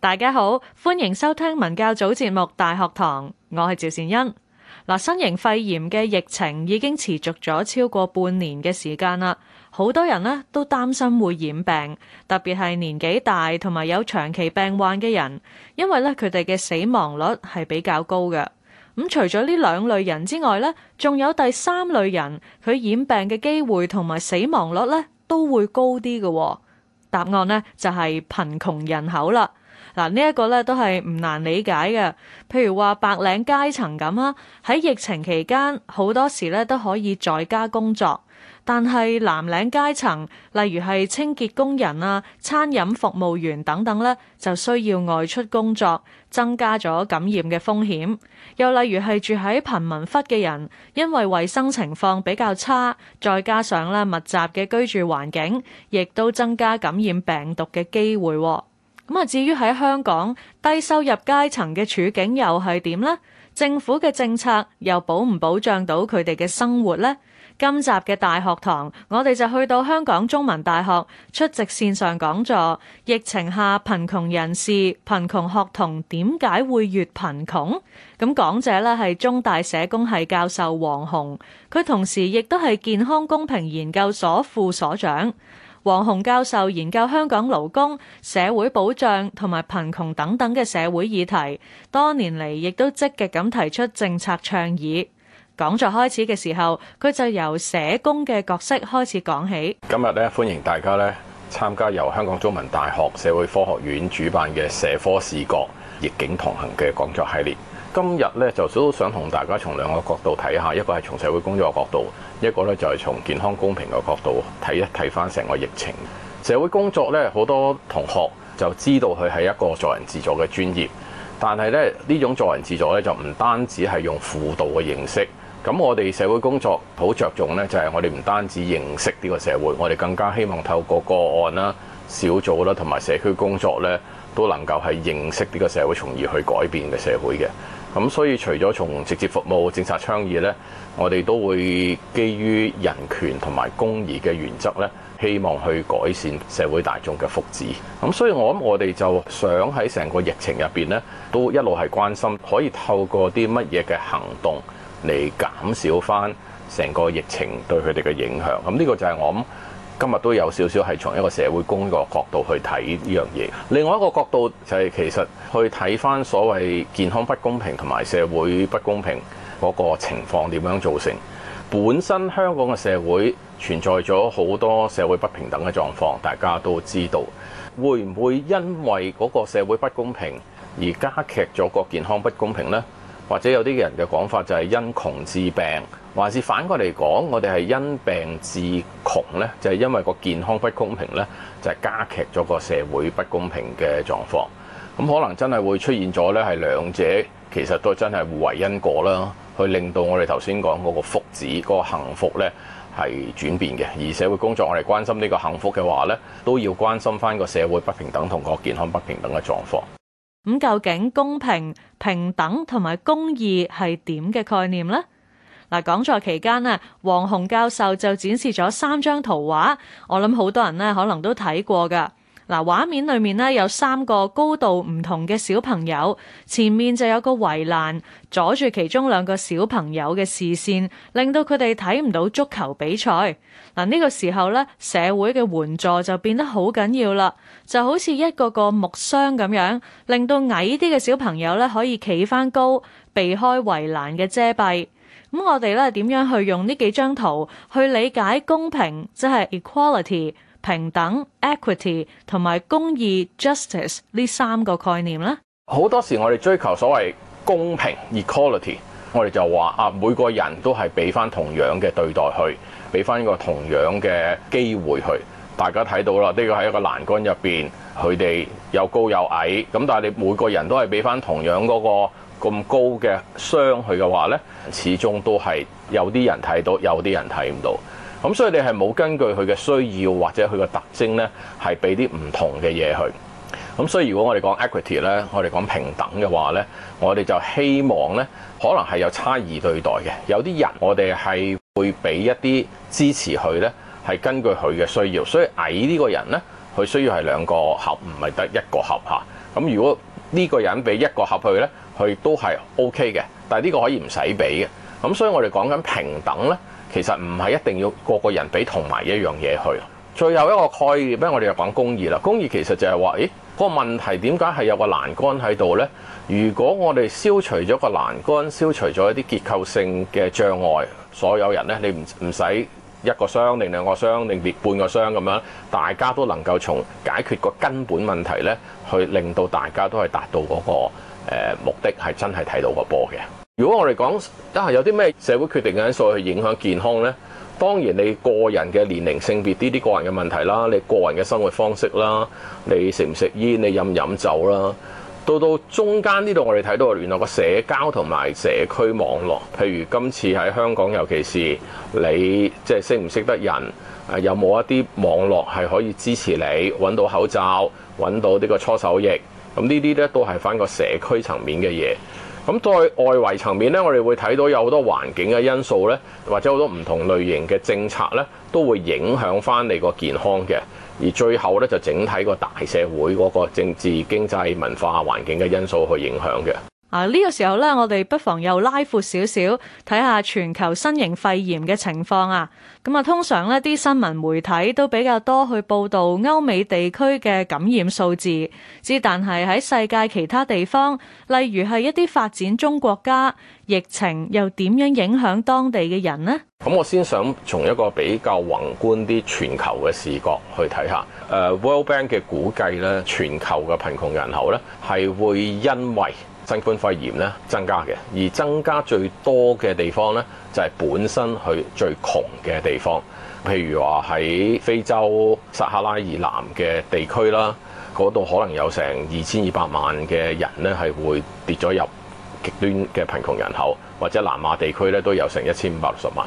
大家好，歡迎收聽《文教組節目大學堂》，我係趙善恩嗱。新型肺炎嘅疫情已經持續咗超過半年嘅時間啦，好多人呢都擔心會染病，特別係年紀大同埋有長期病患嘅人，因為咧佢哋嘅死亡率係比較高嘅。咁除咗呢兩類人之外，呢仲有第三類人，佢染病嘅機會同埋死亡率呢都會高啲嘅哦。答案呢就係貧窮人口啦。嗱，呢一個咧都係唔難理解嘅。譬如話白領階層咁啦，喺疫情期間好多時咧都可以在家工作，但係藍領階層，例如係清潔工人啊、餐飲服務員等等咧，就需要外出工作，增加咗感染嘅風險。又例如係住喺貧民窟嘅人，因為衞生情況比較差，再加上咧密集嘅居住環境，亦都增加感染病毒嘅機會。咁啊，至於喺香港低收入階層嘅處境又係點呢？政府嘅政策又保唔保障到佢哋嘅生活呢？今集嘅大學堂，我哋就去到香港中文大學出席線上講座。疫情下貧窮人士、貧窮學童點解會越貧窮？咁講者呢，係中大社工系教授黃洪，佢同時亦都係健康公平研究所副所長。黃洪教授研究香港勞工、社會保障同埋貧窮等等嘅社會議題，多年嚟，亦都積極咁提出政策倡議。講座開始嘅時候，佢就由社工嘅角色開始講起。今日咧，歡迎大家咧參加由香港中文大學社會科學院主辦嘅社科視覺逆境同行嘅講座系列。今日咧就都想同大家從兩個角度睇下，一個係從社會工作嘅角度，一個咧就係從健康公平嘅角度睇一睇翻成個疫情。社會工作咧，好多同學就知道佢係一個助人自助嘅專業。但係咧，呢種助人自助咧就唔單止係用輔導嘅形式。咁我哋社會工作好着重咧，就係我哋唔單止認識呢個社會，我哋更加希望透過個案啦、小組啦同埋社區工作咧，都能夠係認識呢個社會，從而去改變嘅社會嘅。咁所以除咗從直接服務政策倡議咧，我哋都會基於人權同埋公義嘅原則咧，希望去改善社會大眾嘅福祉。咁所以我諗我哋就想喺成個疫情入邊咧，都一路係關心，可以透過啲乜嘢嘅行動嚟減少翻成個疫情對佢哋嘅影響，咁呢個就係我諗。今日都有少少係從一個社會工作嘅角度去睇呢樣嘢。另外一個角度就係其實去睇翻所謂健康不公平同埋社會不公平嗰個情況點樣造成。本身香港嘅社會存在咗好多社會不平等嘅狀況，大家都知道。會唔會因為嗰個社會不公平而加劇咗個健康不公平咧？或者有啲人嘅講法就係因窮致病。還是反過嚟講，我哋係因病致窮呢，就係因為個健康不公平呢，就係加劇咗個社會不公平嘅狀況。咁可能真係會出現咗呢，係兩者其實都真係互為因果啦，去令到我哋頭先講嗰個福祉、嗰個幸福呢係轉變嘅。而社會工作我哋關心呢個幸福嘅話呢，都要關心翻個社會不平等同個健康不平等嘅狀況。咁究竟公平、平等同埋公義係點嘅概念呢？嗱，講座期間咧，黃洪教授就展示咗三張圖畫。我諗好多人咧，可能都睇過噶嗱。畫面裏面咧有三個高度唔同嘅小朋友，前面就有個圍欄阻住其中兩個小朋友嘅視線，令到佢哋睇唔到足球比賽嗱。呢、呢個時候咧，社會嘅援助就變得好緊要啦，就好似一個個木箱咁樣，令到矮啲嘅小朋友咧可以企返高，避開圍欄嘅遮蔽。咁我哋咧點樣去用呢幾張圖去理解公平，即係 equality、平等、equity 同埋公義 justice 呢三個概念呢？好多時我哋追求所謂公平 equality，我哋就話啊，每個人都係俾翻同樣嘅對待去，俾翻個同樣嘅機會去。大家睇到啦，呢個喺一個欄杆入邊，佢哋有高有矮，咁但係你每個人都係俾翻同樣嗰個。咁高嘅商去嘅話咧，始終都係有啲人睇到，有啲人睇唔到。咁所以你係冇根據佢嘅需要或者佢嘅特徵咧，係俾啲唔同嘅嘢去。咁所以如果我哋講 equity 咧，我哋講平等嘅話咧，我哋就希望咧，可能係有差異對待嘅。有啲人我哋係會俾一啲支持佢咧，係根據佢嘅需要。所以矮呢個人咧，佢需要係兩個盒，唔係得一個盒吓。咁如果呢個人俾一個盒佢咧？佢都係 OK 嘅，但係呢個可以唔使俾嘅。咁所以我哋講緊平等咧，其實唔係一定要個個人俾同埋一樣嘢去。最後一個概念咧，我哋又講公義啦。公義其實就係話，誒、嗰個問題點解係有個欄杆喺度咧？如果我哋消除咗個欄杆，消除咗一啲結構性嘅障礙，所有人咧，你唔唔使一個箱定兩個箱另別半個箱咁樣，大家都能夠從解決個根本問題咧，去令到大家都係達到嗰個。目的係真係睇到個波嘅。如果我哋講都係有啲咩社會決定因素去影響健康呢？當然你個人嘅年齡、性別呢啲個人嘅問題啦，你個人嘅生活方式啦，你食唔食煙，你飲唔飲酒啦。到到中間呢度，我哋睇到原來個社交同埋社區網絡。譬如今次喺香港，尤其是你即係識唔識得人，誒有冇一啲網絡係可以支持你揾到口罩、揾到呢個搓手液。咁呢啲咧都係返個社區層面嘅嘢，咁在外圍層面咧，我哋會睇到有好多環境嘅因素咧，或者好多唔同類型嘅政策咧，都會影響返你個健康嘅。而最後咧，就整體個大社會嗰個政治、經濟、文化、環境嘅因素去影響嘅。啊！呢、這個時候咧，我哋不妨又拉闊少少，睇下全球新型肺炎嘅情況啊。咁、嗯、啊，通常呢啲新聞媒體都比較多去報道歐美地區嘅感染數字，之但係喺世界其他地方，例如係一啲發展中國家，疫情又點樣影響當地嘅人呢？咁我先想從一個比較宏觀啲全球嘅視角去睇下。誒，World Bank 嘅估計咧，全球嘅貧窮人口咧係會因為新冠肺炎咧增加嘅，而增加最多嘅地方咧就係、是、本身佢最窮嘅地方，譬如話喺非洲撒哈拉以南嘅地區啦，嗰度可能有成二千二百萬嘅人咧，係會跌咗入極端嘅貧窮人口，或者南亞地區咧都有成一千五百六十萬。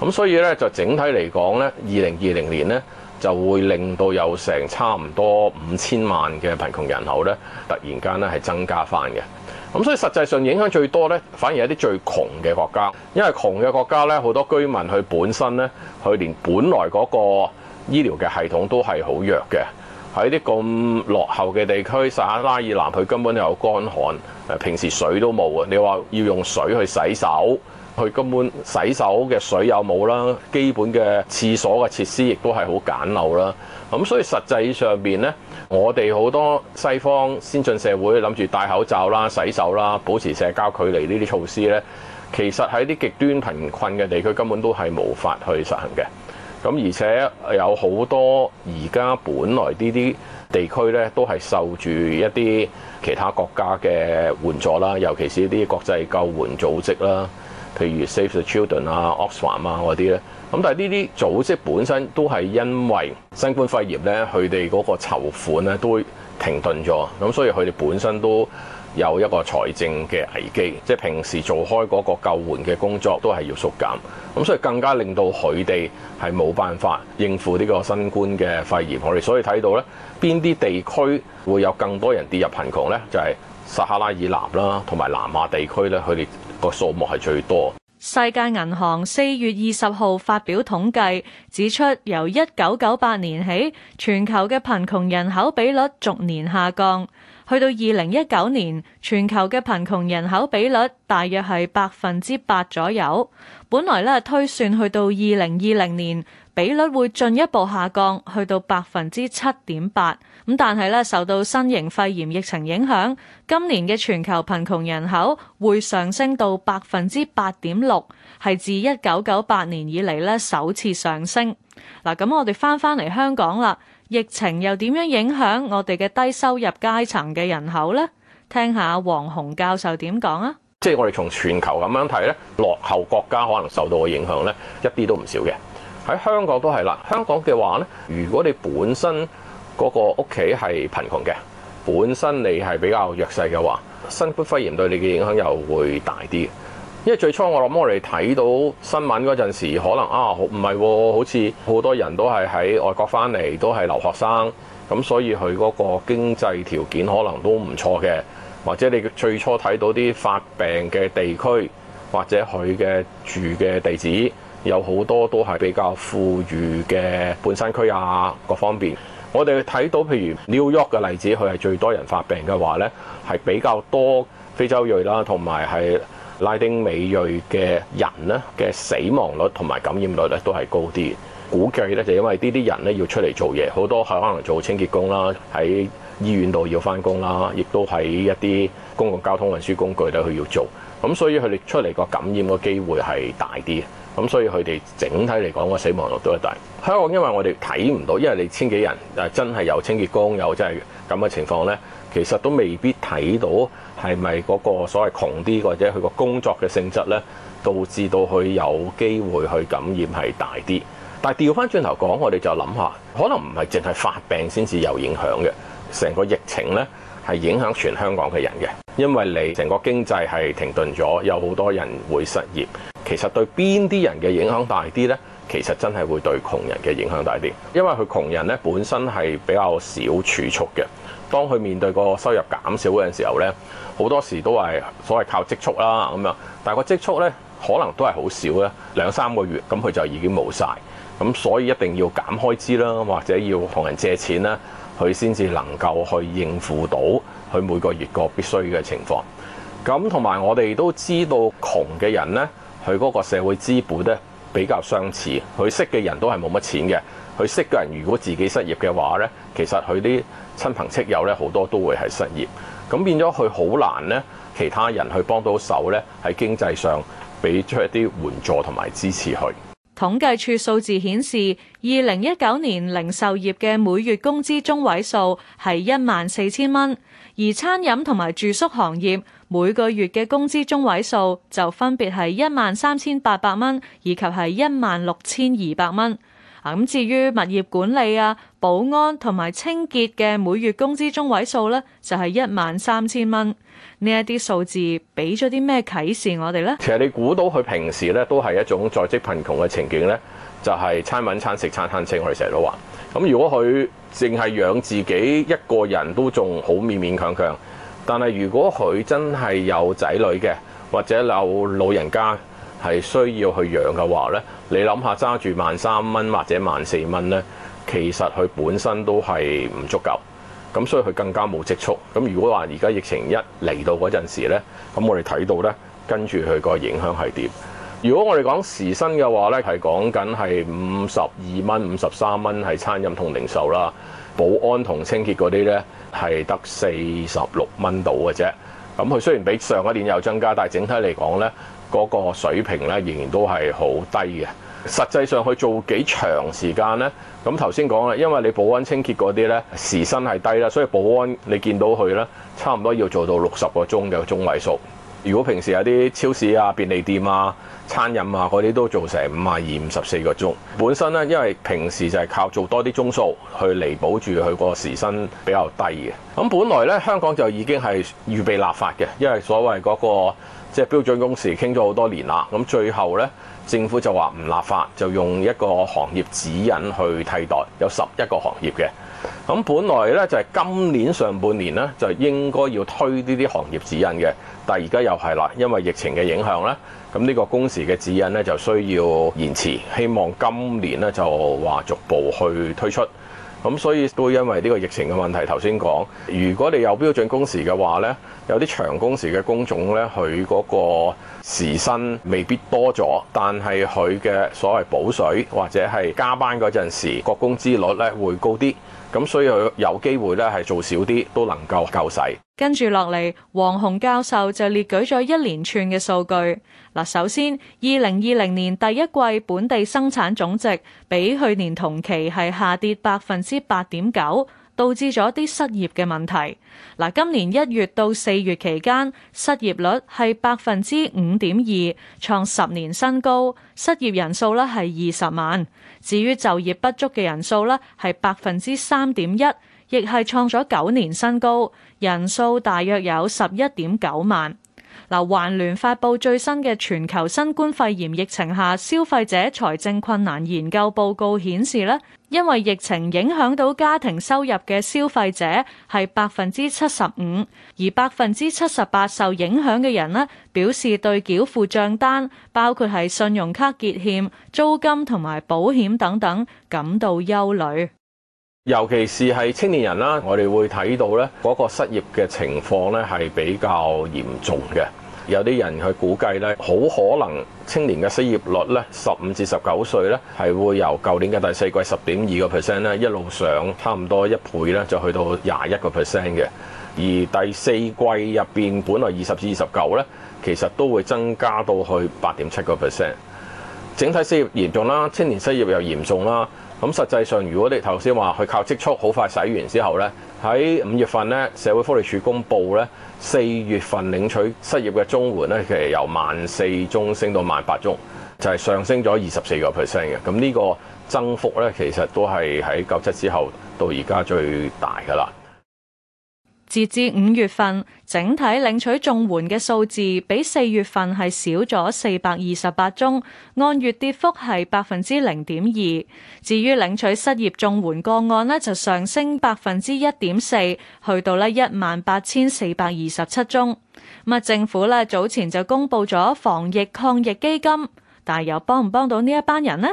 咁所以咧，就整體嚟講咧，二零二零年咧。就會令到有成差唔多五千萬嘅貧窮人口咧，突然間咧係增加翻嘅。咁所以實際上影響最多咧，反而係一啲最窮嘅國家，因為窮嘅國家咧，好多居民佢本身咧，佢連本來嗰個醫療嘅系統都係好弱嘅。喺啲咁落後嘅地區，撒哈拉以南佢根本有乾旱，誒，平時水都冇啊！你話要用水去洗手。佢根本洗手嘅水有冇啦？基本嘅廁所嘅設施亦都係好簡陋啦。咁所以實際上面呢，我哋好多西方先進社會諗住戴口罩啦、洗手啦、保持社交距離呢啲措施呢，其實喺啲極端貧困嘅地區根本都係無法去實行嘅。咁而且有好多而家本來呢啲地區呢，都係受住一啲其他國家嘅援助啦，尤其是啲國際救援組織啦。譬如 Save the Children 啊、Oxfam 啊嗰啲咧，咁但係呢啲組織本身都係因為新冠肺炎咧，佢哋嗰個籌款咧都停頓咗，咁所以佢哋本身都有一個財政嘅危機，即係平時做開嗰個救援嘅工作都係要縮減，咁所以更加令到佢哋係冇辦法應付呢個新冠嘅肺炎。我哋所以睇到咧，邊啲地區會有更多人跌入貧窮咧，就係撒哈拉以南啦，同埋南亞地區咧，佢哋。個數目係最多。世界銀行四月二十號發表統計，指出由一九九八年起，全球嘅貧窮人口比率逐年下降，去到二零一九年，全球嘅貧窮人口比率大約係百分之八左右。本來咧，推算去到二零二零年。比率會進一步下降，去到百分之七點八咁。但係咧，受到新型肺炎疫情影響，今年嘅全球貧窮人口會上升到百分之八點六，係自一九九八年以嚟咧首次上升嗱。咁我哋翻翻嚟香港啦，疫情又點樣影響我哋嘅低收入階層嘅人口呢？聽下黃洪教授點講啊？即係我哋從全球咁樣睇咧，落後國家可能受到嘅影響咧，一啲都唔少嘅。喺香港都係啦。香港嘅話，呢，如果你本身嗰個屋企係貧窮嘅，本身你係比較弱勢嘅話，新冠肺炎對你嘅影響又會大啲。因為最初我諗我哋睇到新聞嗰陣時，可能啊，唔係、哦、好似好多人都係喺外國翻嚟，都係留學生，咁所以佢嗰個經濟條件可能都唔錯嘅，或者你最初睇到啲發病嘅地區或者佢嘅住嘅地址。有好多都係比較富裕嘅半山區啊，各方面我哋睇到，譬如 New York 嘅例子，佢係最多人發病嘅話呢係比較多非洲裔啦，同埋係拉丁美裔嘅人呢嘅死亡率同埋感染率呢都係高啲。估計呢，就因為呢啲人呢要出嚟做嘢，好多係可能做清潔工啦，喺醫院度要翻工啦，亦都喺一啲公共交通運輸工具咧佢要做，咁所以佢哋出嚟個感染嘅機會係大啲。咁、嗯、所以佢哋整體嚟講，個死亡率都係大。香港因為我哋睇唔到，因為你千幾人，誒真係有清潔工有真係咁嘅情況咧，其實都未必睇到係咪嗰個所謂窮啲，或者佢個工作嘅性質咧，導致到佢有機會去感染係大啲。但係調翻轉頭講，我哋就諗下，可能唔係淨係發病先至有影響嘅，成個疫情咧。係影響全香港嘅人嘅，因為你成個經濟係停頓咗，有好多人會失業。其實對邊啲人嘅影響大啲呢？其實真係會對窮人嘅影響大啲，因為佢窮人呢本身係比較少儲蓄嘅。當佢面對個收入減少嗰陣時候呢，好多時都係所謂靠積蓄啦咁樣，但係個積蓄呢可能都係好少咧，兩三個月咁佢就已經冇晒咁，所以一定要減開支啦，或者要同人借錢啦。佢先至能夠去應付到佢每個月個必須嘅情況，咁同埋我哋都知道窮嘅人呢，佢嗰個社會資本呢比較相似。佢識嘅人都係冇乜錢嘅，佢識嘅人如果自己失業嘅話呢，其實佢啲親朋戚友呢好多都會係失業，咁變咗佢好難呢其他人去幫到手呢，喺經濟上俾出一啲援助同埋支持佢。統計處數字顯示，二零一九年零售業嘅每月工資中位數係一萬四千蚊，而餐飲同埋住宿行業每個月嘅工資中位數就分別係一萬三千八百蚊以及係一萬六千二百蚊。咁至於物業管理啊、保安同埋清潔嘅每月工資中位數咧，就係一萬三千蚊。呢一啲數字俾咗啲咩啟示我哋呢？其實你估到佢平時咧都係一種在職貧窮嘅情景呢，就係、是、餐揾餐食，餐餐清。我哋成日都話，咁、嗯、如果佢淨係養自己一個人都仲好勉勉強強，但係如果佢真係有仔女嘅，或者有老人家係需要去養嘅話呢，你諗下揸住萬三蚊或者萬四蚊呢，其實佢本身都係唔足夠。咁所以佢更加冇積蓄。咁如果話而家疫情一嚟到嗰陣時呢，咁我哋睇到呢，跟住佢個影響係點？如果我哋講時薪嘅話呢，係講緊係五十二蚊、五十三蚊係餐飲同零售啦，保安同清潔嗰啲呢係得四十六蚊到嘅啫。咁佢雖然比上一年又增加，但係整體嚟講呢，嗰個水平呢仍然都係好低嘅。實際上佢做幾長時間呢？咁頭先講啦，因為你保安清潔嗰啲呢時薪係低啦，所以保安你見到佢呢差唔多要做到六十個鐘嘅中位數。如果平時有啲超市啊、便利店啊、餐飲啊嗰啲都做成五啊二、五十四個鐘。本身呢，因為平時就係靠做多啲鐘數去彌補住佢個時薪比較低嘅。咁本來呢，香港就已經係預備立法嘅，因為所謂嗰個即係標準工時傾咗好多年啦。咁最後呢。政府就話唔立法，就用一個行業指引去替代，有十一個行業嘅。咁本來呢，就係今年上半年呢，就應該要推呢啲行業指引嘅，但係而家又係啦，因為疫情嘅影響呢，咁呢個工時嘅指引呢，就需要延遲，希望今年呢，就話逐步去推出。咁所以都因為呢個疫情嘅問題，頭先講，如果你有標準工時嘅話呢，有啲長工時嘅工種呢，佢嗰個時薪未必多咗，但係佢嘅所謂補水或者係加班嗰陣時，個工資率呢會高啲，咁所以佢有機會呢係做少啲都能夠夠使。跟住落嚟，黃洪教授就列舉咗一連串嘅數據。嗱，首先，二零二零年第一季本地生產總值比去年同期係下跌百分之八點九，導致咗啲失業嘅問題。嗱，今年一月到四月期間，失業率係百分之五點二，創十年新高。失業人數呢係二十萬。至於就業不足嘅人數呢，係百分之三點一。亦係創咗九年新高，人數大約有十一點九萬。嗱，環聯發布最新嘅全球新冠肺炎疫情下消費者財政困難研究報告顯示咧，因為疫情影響到家庭收入嘅消費者係百分之七十五，而百分之七十八受影響嘅人咧表示對繳付帳單，包括係信用卡結欠、租金同埋保險等等，感到憂慮。尤其是係青年人啦，我哋會睇到呢嗰個失業嘅情況呢係比較嚴重嘅。有啲人去估計呢，好可能青年嘅失業率呢，十五至十九歲呢係會由舊年嘅第四季十點二個 percent 呢，一路上差唔多一倍呢就去到廿一個 percent 嘅。而第四季入邊本來二十至二十九呢其實都會增加到去八點七個 percent。整體失業嚴重啦，青年失業又嚴重啦。咁實際上，如果你頭先話佢靠積蓄好快洗完之後呢，喺五月份呢，社會福利署公布呢，四月份領取失業嘅綜援呢其實由萬四宗升到萬八宗，就係上升咗二十四個 percent 嘅。咁呢個增幅呢，其實都係喺九七之後到而家最大噶啦。截至五月份，整體領取綜援嘅數字比四月份係少咗四百二十八宗，按月跌幅係百分之零點二。至於領取失業綜援個案呢，就上升百分之一點四，去到呢一萬八千四百二十七宗。咁政府呢，早前就公布咗防疫抗疫基金，但又幫唔幫到呢一班人呢？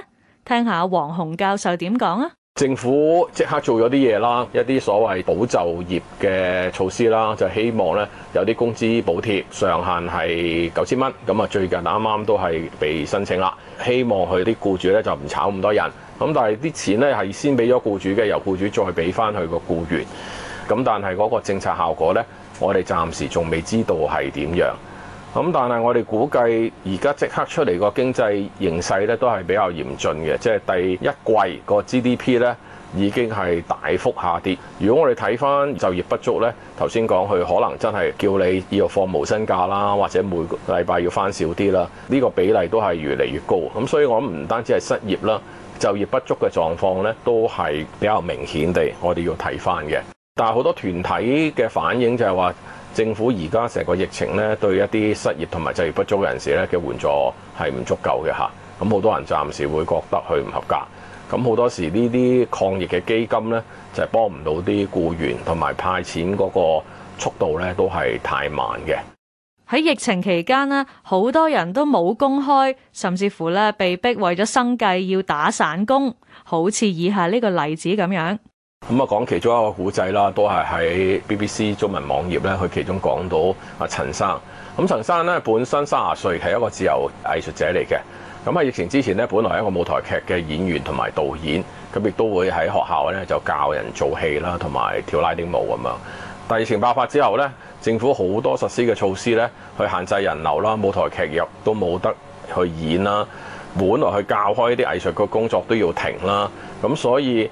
聽下黃洪教授點講啊！政府即刻做咗啲嘢啦，一啲所謂保就業嘅措施啦，就希望咧有啲工資補貼上限係九千蚊，咁啊最近啱啱都係被申請啦，希望佢啲雇主咧就唔炒咁多人，咁但係啲錢咧係先俾咗雇主嘅，由雇主再俾翻佢個雇員，咁但係嗰個政策效果咧，我哋暫時仲未知道係點樣。咁、嗯、但係我哋估計而家即刻出嚟個經濟形勢咧，都係比較嚴峻嘅，即係第一季個 GDP 咧已經係大幅下跌。如果我哋睇翻就業不足咧，頭先講佢可能真係叫你要放無薪假啦，或者每個禮拜要翻少啲啦，呢、呢個比例都係越嚟越高。咁所以我諗唔單止係失業啦，就業不足嘅狀況咧都係比較明顯地，我哋要睇翻嘅。但係好多團體嘅反應就係話。政府而家成個疫情咧，對一啲失業同埋就業不足嘅人士咧嘅援助係唔足夠嘅嚇。咁好多人暫時會覺得佢唔合格。咁好多時呢啲抗疫嘅基金咧，就係幫唔到啲僱員，同埋派錢嗰個速度咧都係太慢嘅。喺疫情期間呢，好多人都冇工開，甚至乎咧被逼為咗生計要打散工，好似以下呢個例子咁樣。咁啊，講其中一個古仔啦，都係喺 BBC 中文網頁咧，佢其中講到啊陳生。咁陳生咧本身三十歲，係一個自由藝術者嚟嘅。咁喺疫情之前咧，本來係一個舞台劇嘅演員同埋導演，咁亦都會喺學校咧就教人做戲啦，同埋跳拉丁舞咁樣。但疫情爆發之後咧，政府好多實施嘅措施咧，去限制人流啦，舞台劇亦都冇得去演啦，本來去教開啲藝術嘅工作都要停啦。咁所以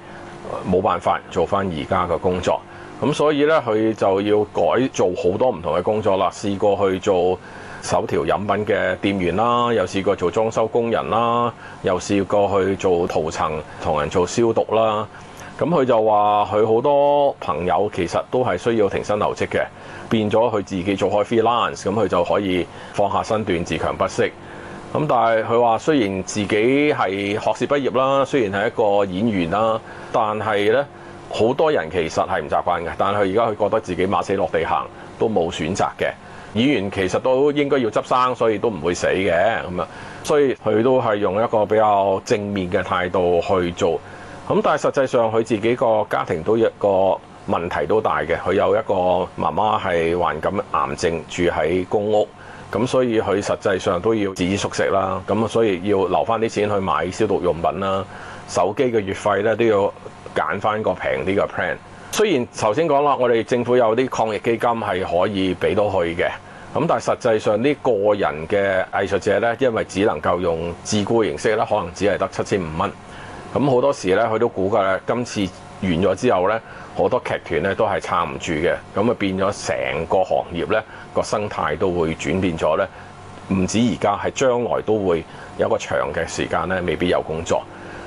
冇辦法做翻而家嘅工作，咁所以呢，佢就要改做好多唔同嘅工作啦。試過去做首條飲品嘅店員啦，又試過做裝修工人啦，又試過去做塗層同人做消毒啦。咁佢就話佢好多朋友其實都係需要停薪留職嘅，變咗佢自己做開 freelance，咁佢就可以放下身段，自強不息。咁但係，佢話，雖然自己係學士畢業啦，雖然係一個演員啦，但係咧好多人其實係唔習慣嘅。但係，佢而家佢覺得自己馬死落地行都冇選擇嘅。演員其實都應該要執生，所以都唔會死嘅。咁啊，所以佢都係用一個比較正面嘅態度去做。咁但係實際上佢自己個家庭都一個問題都大嘅。佢有一個媽媽，係患緊癌症，住喺公屋。咁所以佢實際上都要自己熟食啦，咁所以要留翻啲錢去買消毒用品啦，手機嘅月費咧都要揀翻個平啲嘅 plan。雖然頭先講啦，我哋政府有啲抗疫基金係可以俾到佢嘅，咁但係實際上啲個人嘅藝術者咧，因為只能夠用自僱形式咧，可能只係得七千五蚊，咁好多時咧佢都估計咧今次，完咗之後呢，好多劇團呢都係撐唔住嘅，咁啊變咗成個行業呢個生態都會轉變咗呢。唔止而家，係將來都會有一個長嘅時間呢，未必有工作。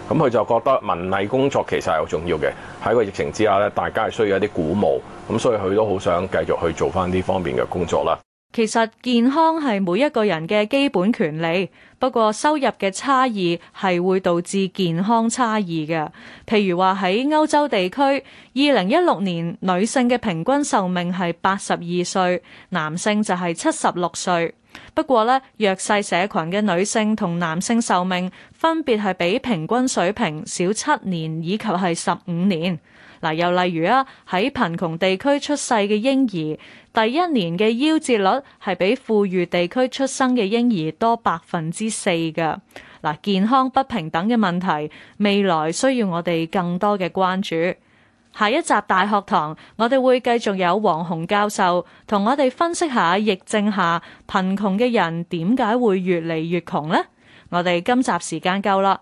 咁佢就覺得文藝工作其實係好重要嘅，喺個疫情之下呢，大家係需要一啲鼓舞，咁所以佢都好想繼續去做返呢方面嘅工作啦。其實健康係每一個人嘅基本權利，不過收入嘅差異係會導致健康差異嘅。譬如話喺歐洲地區，二零一六年女性嘅平均壽命係八十二歲，男性就係七十六歲。不過呢，弱勢社群嘅女性同男性壽命分別係比平均水平少七年以及係十五年。嗱，又例如啊，喺貧窮地區出世嘅嬰兒，第一年嘅夭折率係比富裕地區出生嘅嬰兒多百分之四嘅。嗱，健康不平等嘅問題，未來需要我哋更多嘅關注。下一集大學堂，我哋會繼續有黃洪教授同我哋分析下疫症下貧窮嘅人點解會越嚟越窮呢？我哋今集時間夠啦。